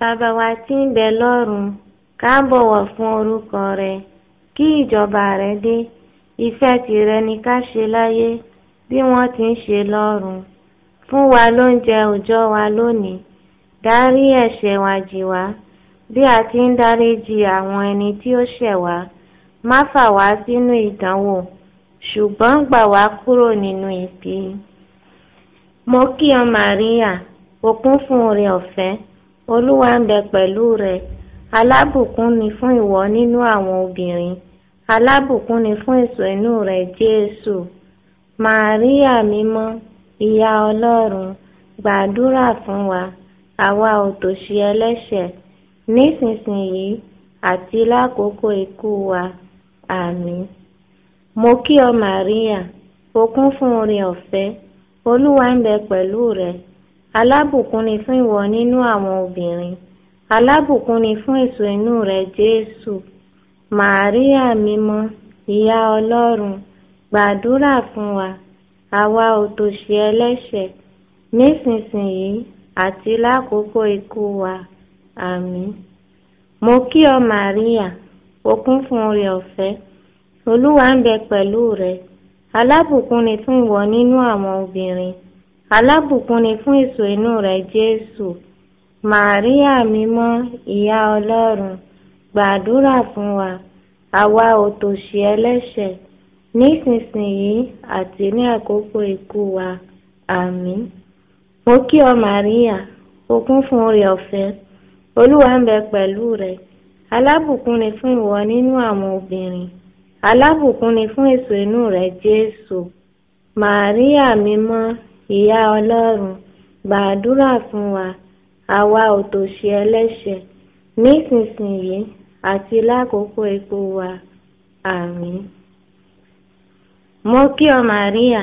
bàbá wa tí ń bẹ lọ́run ká bọ̀wọ̀ fún orúkọ rẹ kí ìjọba rẹ dé ìfẹ́ tìrẹ ni ká ṣe láyé bí wọ́n ti ń ṣe lọ́run fún wa lóúnjẹ òòjọ́ wa lónìí dárí ẹ̀ṣẹ̀ wa jì wá bí a ti ń dáríjì àwọn ẹni tí ó ṣẹ̀ wá má fà wá sínú ìdánwò ṣùgbọ́n gbà wá kúrò nínú ibi. mo kí ọ Màríà òkún fún oore ọ̀fẹ́ olúwa ń bẹ pẹ̀lú rẹ̀ alábùkún ni fún ìwọ nínú àwọn obìnrin alábùkún ni fún èso inú rẹ̀ jésù màríà mímọ́ ìyá ọlọ́run gbàdúrà fún wa àwa òtòṣì ẹlẹ́ṣẹ̀ nísinsìnyí àti lákòókò ikú wa àmín mo kí ọ màríà o fún oore ọ̀fẹ́ olúwa ń bẹ pẹ̀lú rẹ alábùkún ni fún ìwọ nínú àwọn obìnrin alábùkún ni fún èso inú rẹ jésù màríà mímọ́ ìyá ọlọ́run gbàdúrà fún wa àwa òtòṣì ẹlẹ́ṣẹ̀ nísinsìnyí àti lákòókò ikú wa àmín mo kí ọ màríà o kún fún oore ọ̀fẹ́ olúwa ń bẹ pẹ̀lú rẹ alábùkún ni fún ìwọ nínú àwọn obìnrin alábùkún ni fún èso inú rẹ̀ jésù màríà mímọ́ ìyá ọlọ́run gbàdúrà fún wa àwa òtòṣì ẹlẹ́ṣẹ̀ nísinsìnyí àti ní àkókò ikú wa àmín mo kí ọ màríà o kún fún oore ọ̀fẹ́ olúwa ń bẹ pẹ̀lú rẹ alábùkún ni fún ìwọ nínú àwọn obìnrin alábùkún ni fún èso inú rẹ jésù màríà mímọ́ ìyá ọlọ́run gbàdúrà fún wa àwa òtòṣì ẹlẹ́ṣẹ̀ nísinsìnyí àti lákòókò ikú wa àmín. mo kí ọ Màríà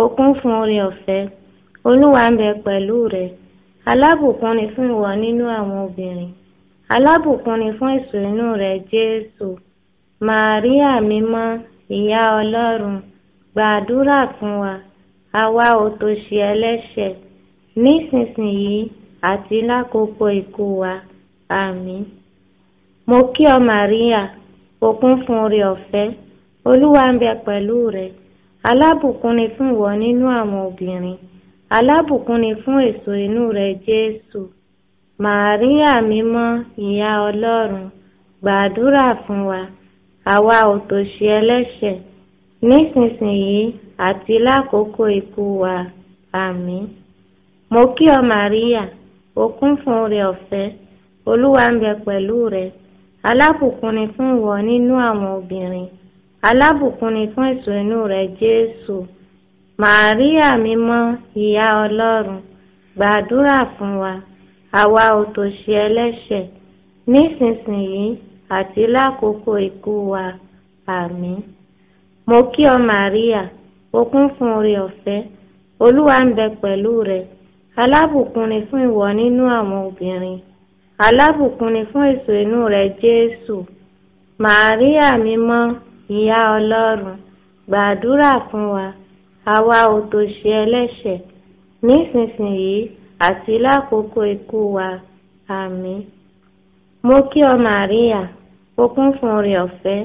o kún fún oore ọ̀fẹ́ olúwa ń bẹ pẹ̀lú rẹ alábùkún ni fún ìwọ nínú àwọn obìnrin alábùkún ni fún èso inú rẹ Jésù Màríà mímọ́ ìyá ọlọ́run gbàdúrà fún wa àwa òtòṣì ẹlẹ́ṣẹ̀ nísinsìnyí àti lákòókò ikú wa àmín. mo kí ọ Màríà o kún fún oore ọ̀fẹ́ olúwa ń bẹ pẹ̀lú rẹ alábùkún ni fún ìwọ nínú àwọn obìnrin alábùkún ni fún èso inú rẹ Jésù Màríà mímọ́ ìyá Ọlọ́run gbàdúrà fún wa àwa òtòṣì ẹlẹ́ṣẹ̀ nísinsìnyí àti lákòókò ikú wa àmín mo kí ọ Màríà o kún fún oore ọ̀fẹ́ Olúwa ń bẹ pẹ̀lú rẹ alábùkún ni fún ìwọ nínú àwọn obìnrin alábùkún ni fún èso inú rẹ Jésù Màríà mímọ́ ìyá Ọlọ́run gbàdúrà fún wa àwa òtòṣì ẹlẹ́ṣẹ̀ nísinsìnyí àti lákòókò ikú wa àmín mo kí ọ Màríà o kún fún oore ọ̀fẹ́ olúwa ń bẹ pẹ̀lú rẹ alábùkún ni fún ìwọ nínú àwọn obìnrin alábùkún ni fún èso inú rẹ jésù màríà mímọ́ ìyá ọlọ́run gbàdúrà fún wa àwa òtòṣì ẹlẹ́ṣẹ̀ nísinsìnyí àti lákòókò ikú wa àmín mo kí ọ màríà o kún fún oore ọ̀fẹ́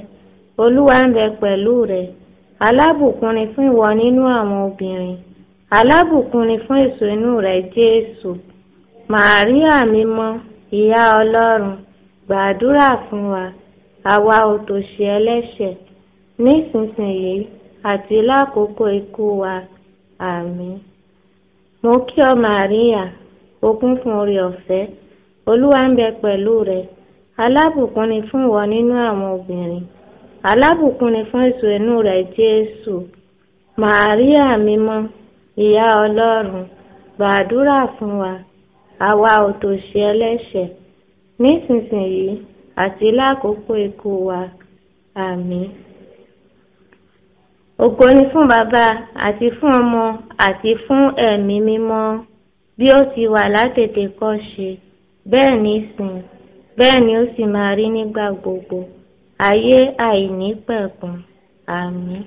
olúwa ń bẹ pẹ̀lú rẹ alábùkún ni fún ìwọ nínú àwọn obìnrin alábùkún ni fún èso inú rẹ Jésù màríà mímọ́ ìyá Ọlọ́run gbàdúrà fún wa àwa òtòṣì ẹlẹ́ṣẹ̀ nísinsìnyí àti lákòókò ikú wa àmín. mo kí ọ màríà o kún fún oore ọ̀fẹ́ olúwa ń bẹ pẹ̀lú rẹ alábùkún ni fún ìwọ nínú àwọn obìnrin alábùkún ni fún èso inú rẹ̀ jésù màríà mímọ́ ìyá ọlọ́run gbàdúrà fún wa àwa òtòṣì ẹlẹ́ṣẹ̀ nísinsìnyí àti lákòókò ikú wa àmín. ògo ni fún bàbá àti fún ọmọ àti fún ẹ̀mí mímọ́ bí ó ti wà látètè kọ́ ṣe bẹ́ẹ̀ ni sìn bẹ́ẹ̀ ni ó sì máa rí nígbà gbogbo ayé àìnípẹ̀kun àmín